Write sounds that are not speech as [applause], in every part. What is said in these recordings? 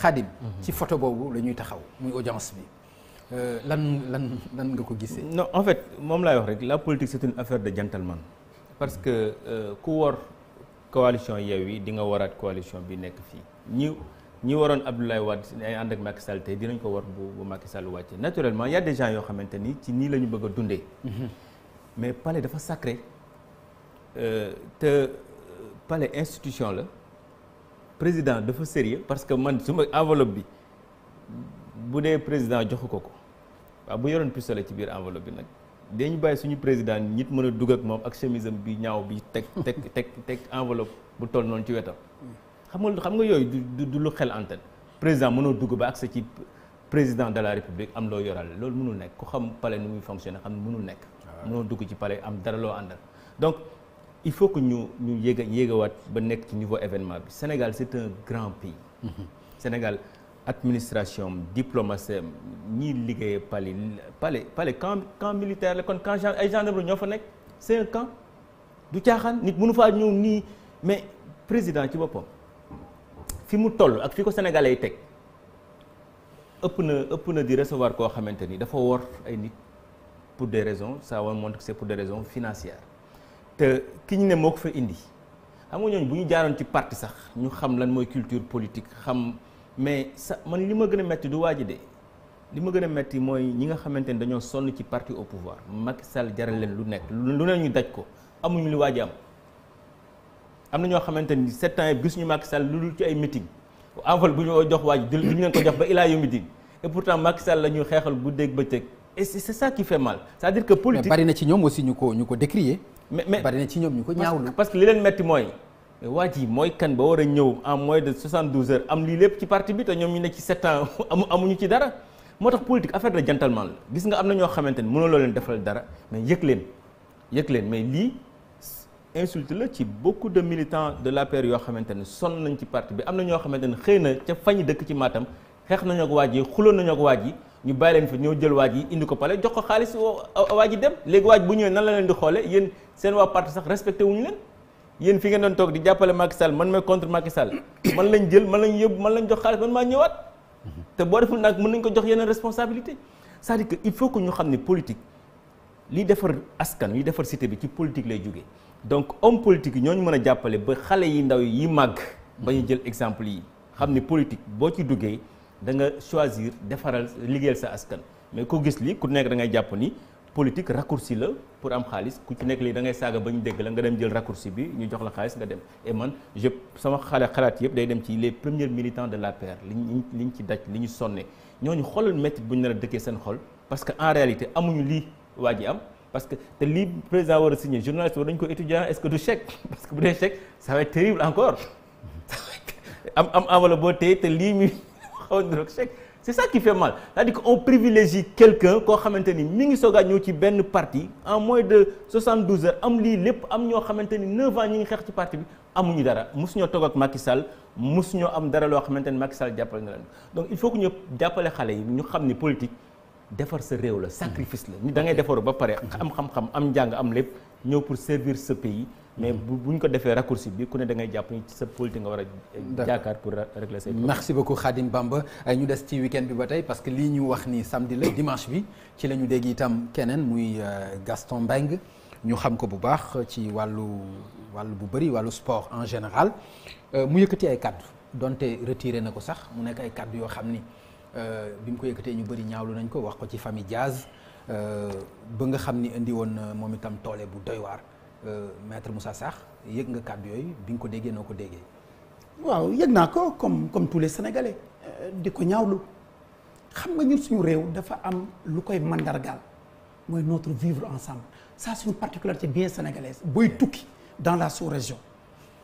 xaadim mhm. ci photo boobu la ñuy taxaw muy audience bi euh, lan lan lan nga ko gisee. non en fait moom laay wax rek la politique c'est une affaire de gentleman parce que euh, ku wor coalition Yewwi di nga waraat coalition bi nekk fii ñi ñi waroon Abdoulaye Wade ay ànd ak Macky Sall tey dinañ ko war bu bu Macky Sall wàcce naturellement y a yoo xamante ni ci nii la ñu bëgg a dundee. Mhm. mais palais dafa sacré euh, te palais institution la. président dafa sérieux parce que man su ma enveloppe bi bu dee président joxu ko ko waaw bu yoroon pistolet ci biir enveloppe bi nag dañu bàyyi suñu président nit mën a dugg ak moom ak chemise am bi ñaaw bi teg teg teg teg enveloppe bu toll noonu ci wetam. xam nga xam yooyu du du lu xel antenne président mënoo dugg ba accès ci président de la république am loo yoral loolu mënul nekk ku xam pale nu muy fonctionner xam ne mënul nekk. Ah. mënoo dugg ci palais am dara loo àndal il faut que ñu ñu yéeg a yéegawaat ba nekk ci niveau événement bi Sénégal c'est un grand pays. Mmh. Sénégal administration diplomatie ñi liggéeye Palais Palais Palais camp camp militaire la kon camp genre ay gendarme ñoo fa nekk c'est un camp du caaxaan nit munu faa ñëw nii mais président ci boppam fi mu toll ak fi ko sénégalais teg ëpp na ëpp na di recevoir koo xamante ni dafa wor ay nit pour des raison ça va montrer que c'est pour des raisons financières. te ki ñu ne moo ko fa indi am nga ñooñu bu ñu jaaroon ci parti sax ñu xam lan mooy culture politique xam mais sa man li ma gën a metti du waaj de li ma gën a metti mooy ñi nga xamante ne dañoo sonn ci parti au pouvoir Macky Sall jaral leen lu nekk lu ne ñu daj ko amuñu li waaj am. am na ñoo xamante ni sept ans yëpp gisuñu Macky Sall lu dul ci ay meeting envol bu ñu jox waaj du ñu leen ko jox ba ilaa yu meeting et pourtant Macky Sall la ñuy xeexal guddeeg bëccëg. et c' est ça qui fait mal c' dire que politique mais bari na ci ñoom aussi ñu ko ñu ko décrier. mais mais bari na ci ñoom ñu ko ñaawlu. parce que li leen metti mooy. mais waa ji mooy kan ba war a ñëw en moins de 72 heures am lii lépp ci parti bi te ñoom ñu ne ci 7 ans [laughs] amu amuñu ci dara moo tax politique affaire de gentleman la gis nga am na ñoo xamante ni mënuloo leen defal dara mais yëg leen yëg leen mais lii insulte la ci beaucoup de militants de l'APR yoo xamante ni sonn nañ ci parti bi am na ñoo xamante ni xëy na ca fañ dëkk ci Matam xeex nañoo ak waa ji xuloon nañoo ak waa ji ñu bàyyi leen fa ñëw jël waaj yi indi ko pale jox ko xaalis waaj yi dem léegi waaj bu ñëwee nan la leen di xoole yéen seen waa parti sax wu wuñu leen yéen fi ngeen doon toog di jàppale Macky Sall man may contre Macky Sall [coughs] man lañ jël man lañ yóbbu man lañ jox xaalis man maa ñëwaat mhm. te boo deful nag mën nañ ko jox yeneen responsabilité cest à que il faut que ñu xam ni politique li defar askan li defar cité bi ci politique lay jóge donc homme politique yi ñooñu mën a jàppale ba xale yi ndaw yi màgg ba ñu jël exemple yi xam ne politique boo ci duggee da nga choisir defaral liggéeyal sa askan mais ko gis li ku nekk da ngay jàpp ni politique raccourci la pour am xaalis ku ci nekk lii da saaga ba ñu dégg la nga dem jël raccourci bi ñu jox la xaalis nga dem et man je sama xale xalaat yëpp day dem ci les premiers militants de la pere l'APR liñ liñ ci daj li ñu sonne ñooñu ñu métti bu ñu nar a dëkkee seen xol parce que en réalité amuñu lii waa ji am parce que te lii président war a signé journaliste ko étudiant est-ce que du chèque [laughs] parce que bu dee chèque [laughs] ça va être am am enveloppe boo téye te lii chèque c'est ça qui fait mal c'est-à-dire qu'on privilégie quelqu'un koo xamante ni mi ngi soog a ñëw ci benn parti en moins de 72 heures am lii lépp am ñoo xamante ni 9 ans ñi ngi xeex ci parti bi amuñu dara mosu ñoo toog ak Macky Sall mosu ñoo am dara loo xamante ni Macky Sall jàppale na leen donc il faut que ñu jàppale xale yi ñu xam ni politique defar sa réew la sacrifice la ni da ngay defaru ba pare am xam-xam am njàng am lépp ñëw pour servir ce pays mais bu bu ñu ko defee raccourci bi ku ne dangay jàpp ni sa politique nga war a jaakaar pour régler say merci beaucoup Khadim Bamba euh, ñu des ci week bi ba tey parce que lii ñu wax ni samedi la dimanche bi ci la ñu dégg itam keneen muy euh, Gaston Mbengue ñu xam ko bu baax ci wàllu wàllu bu bëri wàllu sport en général euh, mu yëkkati ay kàddu donte retiré na ko sax mu nekk ay kàddu yoo xam ni bi mu ko yëkkatee ñu bëri ñaawlu nañ ko wax ko ci famille Diaz ba nga xam ni indi woon moom itam toole bu doy waar Euh, maître Moussa Sakh yëg nga kàddu yooyu bi nga ko déggee noo ko déggee. waaw yëg naa ko comme comme tous les sénégalais euh, di ko ñaawlu xam nga ñu suñu réew dafa am lu koy mandargaal mooy notre vivre ensemble ça c'est une particularité bien sénégalaise booy tukki dans la sous-région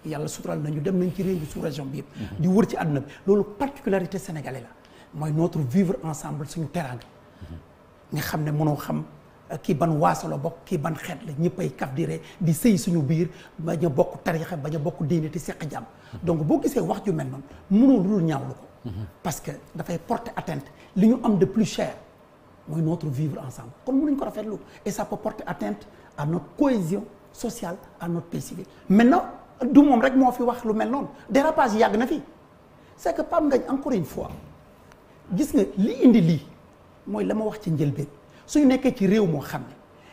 yàlla sutural nañu dem nañ ci réew bi sous-région bi yëpp. Mhm. di wër ci àdduna bi loolu particularité sénégalais la mooy notre vivre ensemble suñu teraanga. Mhm. nga xam ne mënoo xam kii ban waaso la bokk kii ban xeet la ñëppay kaf di ree di sëy suñu biir bañ a bokk tarixa ba a bokk diine te seq jàmm donc boo gisee wax ju mel noonu mënoo lu dul ñaawlu ko parce que dafay porter atteinte li ñu am de plus cher mooy notre vivre ensemble kon mënuñ ko rafetlu et ça peut porter atteinte à notre cohésion sociale à notre pays civil maintenant du moom rek moo fi wax lu mel noonu dérapage yàgg na fi c'est que pam Ngagne encore une fois gis nga li indi lii mooy la ma wax ci njëlbeen suñu nekkee ci réew moo xam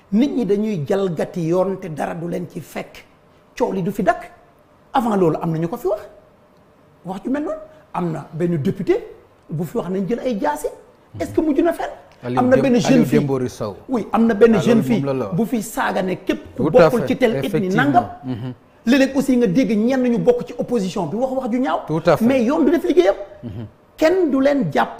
ne nit ñi dañuy jalgati yoon te dara du leen ci fekk coow li du fi dakk avant loolu am na ñu ko fi wax wax ju mel noonu am na benn député bu fi wax nañ jël ay jaasi est-ce que mujj na fenn am na benn jeune fille oui am na benn jeune fille bu fi saaga ne képp ku bokkul ci tel ethnie nangam mm-hmm. léeg-léeg aussi nga dégg ñenn ñu bokk ci opposition bi wax wax ju ñaaw mais yoon du def liggéeyam mm-hmm. kenn du leen jàpp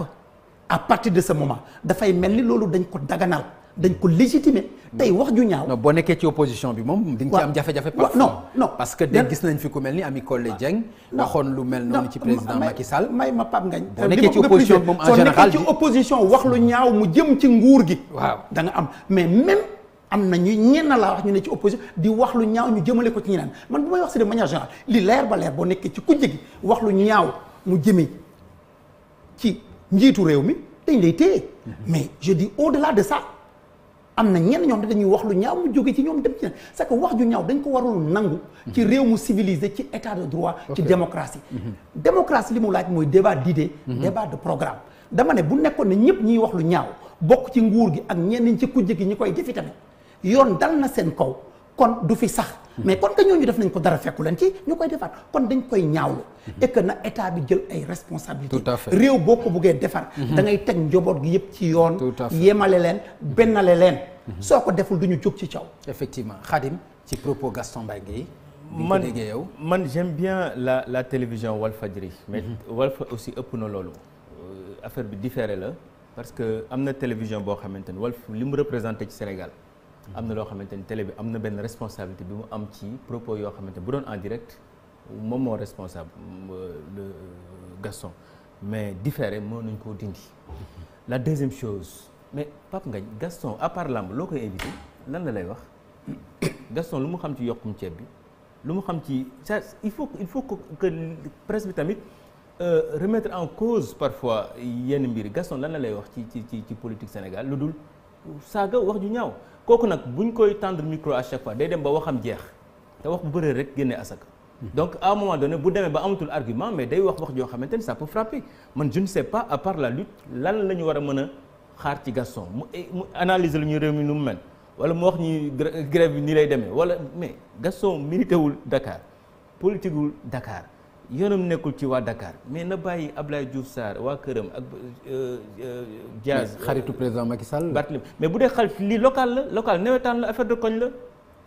à partir de ce moment dafay mel ni loolu dañ ko daganal dañ ko légitimer tey wax ju ñaaw. non boo nekkee ci opposition bi moom. dañ nga am jafe-jafe. parfois non non parce nañ fi ku mel ni Ami lu mel noonu ci président Macky Sall. may ma Pape Ngagne. boo nekkee euh, ci opposition bi moom en général ci opposition wax lu ñaaw mu jëm ci nguur gi. waaw da am mais même. am na ñu na laa wax ñu ne ci opposition di wax lu ñaaw ñu jëmale ko ci ñeneen man bu may wax si de manière générale li leer ba leer boo nekkee ci kujje gi wax lu ñaaw mu jëmee ci njiitu réew mi dañ lay téye mais jeu dis au la de ça am na ñenn ñoom dañuy wax lu ñaaw mu jóge ci ñoom dem ci c'est que wax ju ñaaw dañ ko warul nangu ci réew mu civilisé ci état de droit ci démocratie mhm. démocratie li mu laaj mooy débat d'idée mhm. débat de programme dama ne bu nekkoon ne ñëpp ñiy wax lu ñaaw bokk ci nguur gi ak ñenn ñi ci kujje gi ñi koy jëfi tamit yoon dal na seen kaw kon du fi sax mais kon que ñooñu def nañ ko dara fekku leen ci ñu koy defaat kon dañ koy ñaawlu et que na état bi jël ay responsabilité tout à fait réew boo ko buggee defar mhm. da ngay teg njoboot gi yëpp ci yoon yemale leen bennale leen mhm. soo ko deful du ñu jóg ci caw effectivement Khadim ci propos Gaston Mbengue yi man yow man j'aime bien la la télévision Walfadjri mhm. mais Walf aussi ëpp na loolu euh, affaire bi différé la parce que am na télévision boo xamante ne Walf li mu représenté ci Sénégal am na loo xamante ni télé bi am na benn responsabilité bi mu am ci propos yoo xamante bu doon en direct moom moo responsable euh, euh, Gaston mais différé moo nañ koo dindi la deuxième chose mais Pape Ngagne Gaston à part lamb loo koy invité lan la lay wax Gaston lu mu xam ci yokkum ceeb bi lu mu xam ci ça il faut il faut que presque bi tamit euh, remettre en cause parfois yenn mbir Gaston lan la lay wax ci ci ci ci politique Sénégal lu dul saaga wax ju ñaaw kooku nag buñ koy tendre micro à chaque fois day dem ba waxam jeex te wax bu bëree rek génne asaka donc à un moment donné bu demee ba amatul argument mais day wax wax joo xamante ni ça peut frapper man je ne sais pas à part la lutte lan la ñu war a mën a xaar ci Gaston mu eh, mu analyser lu ñu réew mi nu mu mel wala mu wax ñi grève bi nii lay demee wala mais Gaston milité wul Dakar politique wul Dakar yoonam nekkul ci waa dakaar mais na bàyyi Ablaye Diouf saar waa këram ak euh, euh, Diaz. xaritu euh, président Macky Sall Bartlim mais bu dee xarit lii local la local nawetaan la affaire de koñ la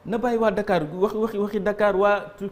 na bàyyi waa Dakar wax waxi waxi Dakar waa.